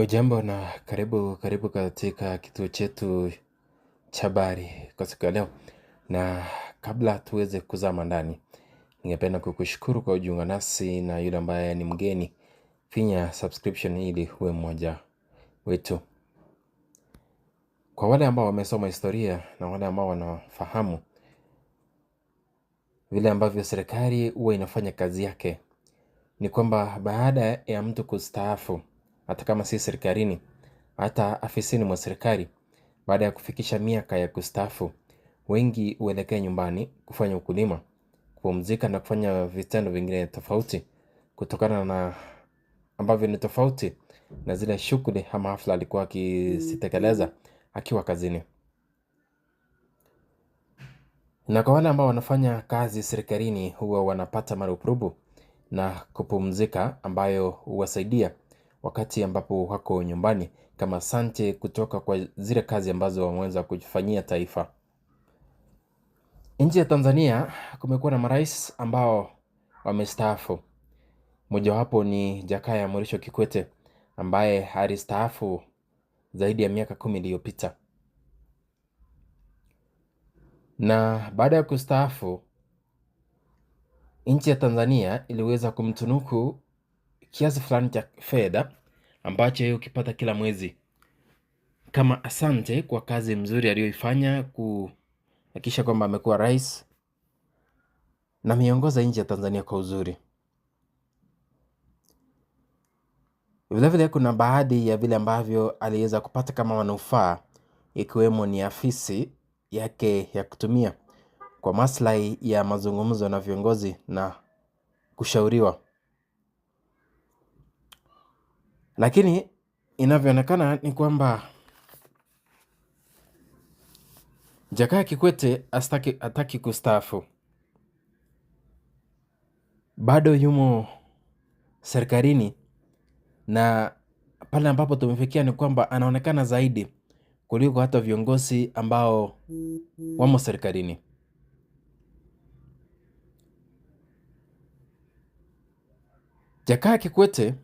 Hujambo na karibu karibu katika kituo chetu cha habari kwa siku ya leo, na kabla tuweze kuzama ndani, ningependa kukushukuru kwa kujiunga nasi na yule ambaye ni mgeni, finya subscription ili uwe mmoja wetu. Kwa wale ambao wamesoma historia na wale ambao wanafahamu vile ambavyo serikali huwa inafanya kazi yake, ni kwamba baada ya mtu kustaafu hata kama si serikalini, hata afisini mwa serikali. Baada ya kufikisha miaka ya kustaafu, wengi huelekea nyumbani kufanya ukulima, kupumzika na kufanya vitendo vingine tofauti, kutokana na ambavyo ni tofauti na zile shughuli ama hafla alikuwa akizitekeleza akiwa kazini. Na kwa wale ambao wanafanya kazi serikalini, huwa wanapata marupurupu na kupumzika, ambayo huwasaidia wakati ambapo wako nyumbani kama sante kutoka kwa zile kazi ambazo wameweza kufanyia taifa. Nchi ya Tanzania kumekuwa na marais ambao wamestaafu. Mojawapo ni Jakaya Mrisho Kikwete ambaye alistaafu zaidi ya miaka kumi iliyopita, na baada ya kustaafu nchi ya Tanzania iliweza kumtunuku kiasi fulani cha fedha ambacho yeye ukipata kila mwezi kama asante kwa kazi mzuri aliyoifanya kuhakikisha kwamba amekuwa rais na miongoza nchi ya Tanzania kwa uzuri. Vilevile kuna baadhi ya vile ambavyo aliweza kupata kama manufaa, ikiwemo ni afisi yake ya kutumia kwa maslahi ya mazungumzo na viongozi na kushauriwa. Lakini inavyoonekana ni kwamba Jakaya Kikwete astaki, hataki kustaafu, bado yumo serikalini, na pale ambapo tumefikia ni kwamba anaonekana zaidi kuliko hata viongozi ambao wamo serikalini. Jakaya Kikwete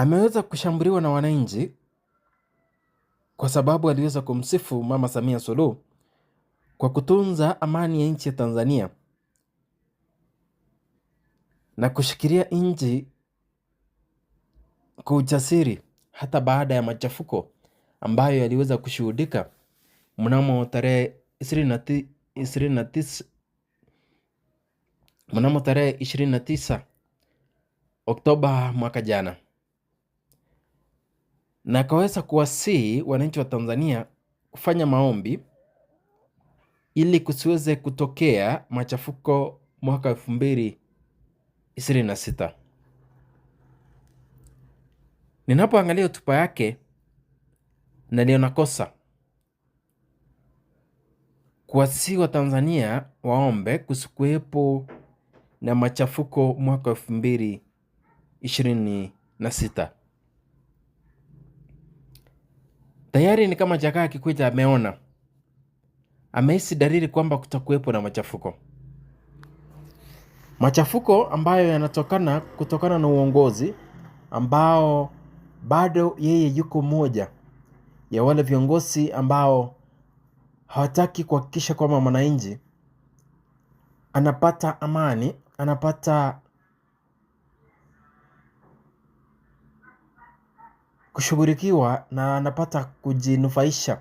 ameweza kushambuliwa na wananchi kwa sababu aliweza kumsifu Mama Samia Suluhu kwa kutunza amani ya nchi ya Tanzania na kushikilia nchi kwa ujasiri hata baada ya machafuko ambayo yaliweza kushuhudika mnamo tarehe mnamo tarehe 29 Oktoba mwaka jana na akaweza kuwasihi wananchi wa Tanzania kufanya maombi ili kusiweze kutokea machafuko mwaka elfu mbili ishirini na sita. Ninapoangalia hotuba yake naliona kosa wa tanzania waombe kusikuwepo na machafuko mwaka elfu mbili ishirini na sita. Tayari ni kama Jakaya akikuja ameona, amehisi dalili kwamba kutakuwepo na machafuko, machafuko ambayo yanatokana kutokana na uongozi ambao bado yeye yuko moja ya wale viongozi ambao hawataki kuhakikisha kwamba mwananchi anapata amani, anapata kushughulikiwa na anapata kujinufaisha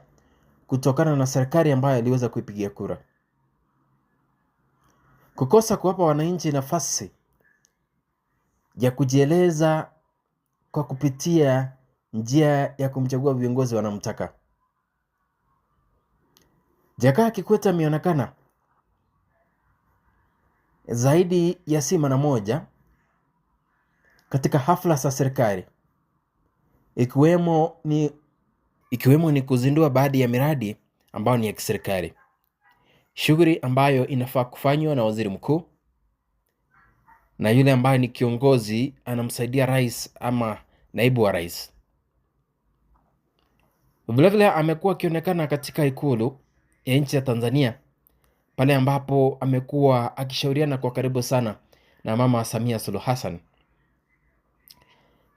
kutokana na serikali ambayo aliweza kuipigia kura. Kukosa kuwapa wananchi nafasi ya kujieleza kwa kupitia njia ya kumchagua viongozi wanamtaka. Jakaya Kikwete ameonekana zaidi ya si mara moja katika hafla za serikali ikiwemo ni, ikiwemo ni kuzindua baadhi ya miradi ambayo ni ya kiserikali, shughuli ambayo inafaa kufanywa na waziri mkuu na yule ambaye ni kiongozi anamsaidia rais ama naibu wa rais. Vilevile amekuwa akionekana katika ikulu ya nchi ya Tanzania pale ambapo amekuwa akishauriana kwa karibu sana na Mama Samia Suluhu Hassan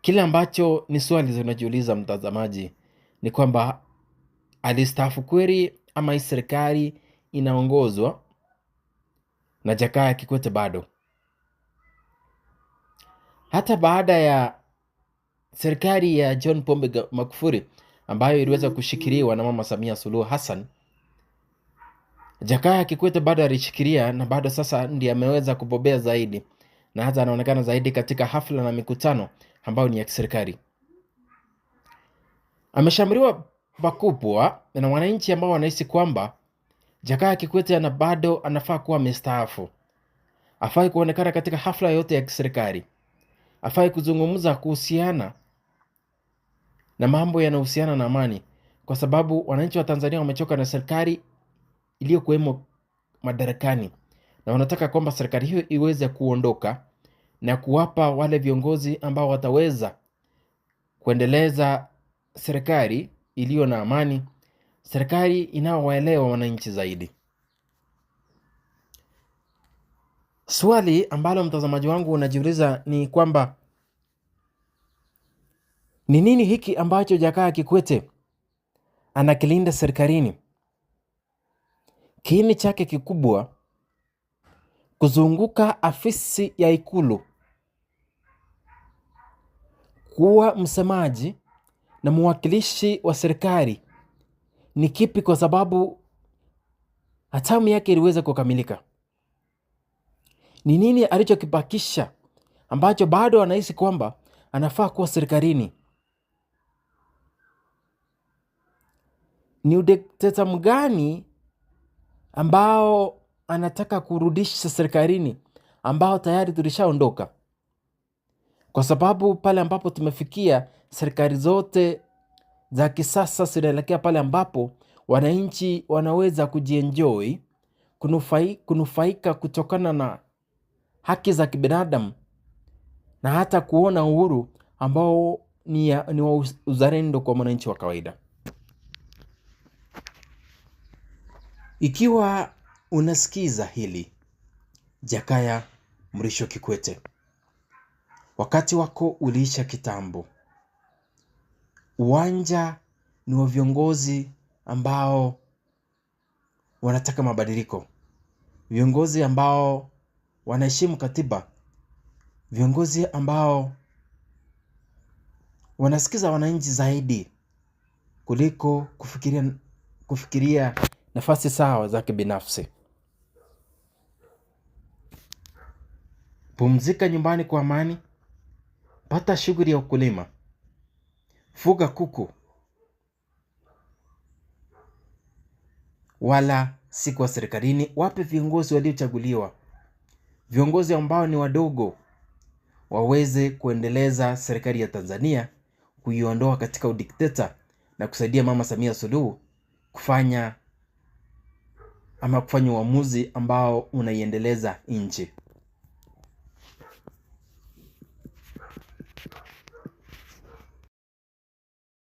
Kile ambacho ni swali zinajiuliza mtazamaji ni kwamba alistaafu kweli ama hii serikali inaongozwa na Jakaya Kikwete bado? Hata baada ya serikali ya John Pombe magufuri ambayo iliweza kushikiliwa na Mama Samia Suluhu Hassan, Jakaya Kikwete bado alishikilia na bado sasa ndi ameweza kubobea zaidi na hata anaonekana zaidi katika hafla na mikutano ambayo ni ya kiserikali. Ameshamriwa pakubwa na wananchi ambao wanahisi kwamba Jakaya Kikwete ana bado anafaa kuwa mstaafu, afai kuonekana katika hafla yote ya kiserikali, afai kuzungumza kuhusiana na mambo yanayohusiana na amani, kwa sababu wananchi wa Tanzania wamechoka na serikali iliyokuwemo madarakani na wanataka kwamba serikali hiyo iweze kuondoka na kuwapa wale viongozi ambao wataweza kuendeleza serikali iliyo na amani, serikali inayowaelewa wananchi zaidi. Swali ambalo mtazamaji wangu unajiuliza ni kwamba ni nini hiki ambacho Jakaya Kikwete anakilinda serikalini? Kiini chake kikubwa kuzunguka afisi ya Ikulu kuwa msemaji na mwakilishi wa serikali ni kipi, kwa sababu hatamu yake iliweza kukamilika. Ni nini alichokibakisha ambacho bado anahisi kwamba anafaa kuwa serikalini? Ni udikteta mgani ambao anataka kurudisha serikalini ambao tayari tulishaondoka? kwa sababu pale ambapo tumefikia, serikali zote za kisasa zinaelekea pale ambapo wananchi wanaweza kujienjoy, kunufai, kunufaika kutokana na haki za kibinadamu na hata kuona uhuru ambao ni, ya, ni wa uzalendo kwa mwananchi wa kawaida. Ikiwa unasikiza hili, Jakaya Mrisho Kikwete. Wakati wako uliisha kitambo. Uwanja ni wa viongozi ambao wanataka mabadiliko, viongozi ambao wanaheshimu katiba, viongozi ambao wanasikiza wananchi zaidi kuliko kufikiria, kufikiria nafasi sawa zake binafsi. Pumzika nyumbani kwa amani pata shughuli ya ukulima, fuga kuku, wala sikuwa serikalini. Wape viongozi waliochaguliwa, viongozi ambao ni wadogo, waweze kuendeleza serikali ya Tanzania, kuiondoa katika udikteta na kusaidia Mama Samia Suluhu kufanya ama kufanya uamuzi ambao unaiendeleza nchi.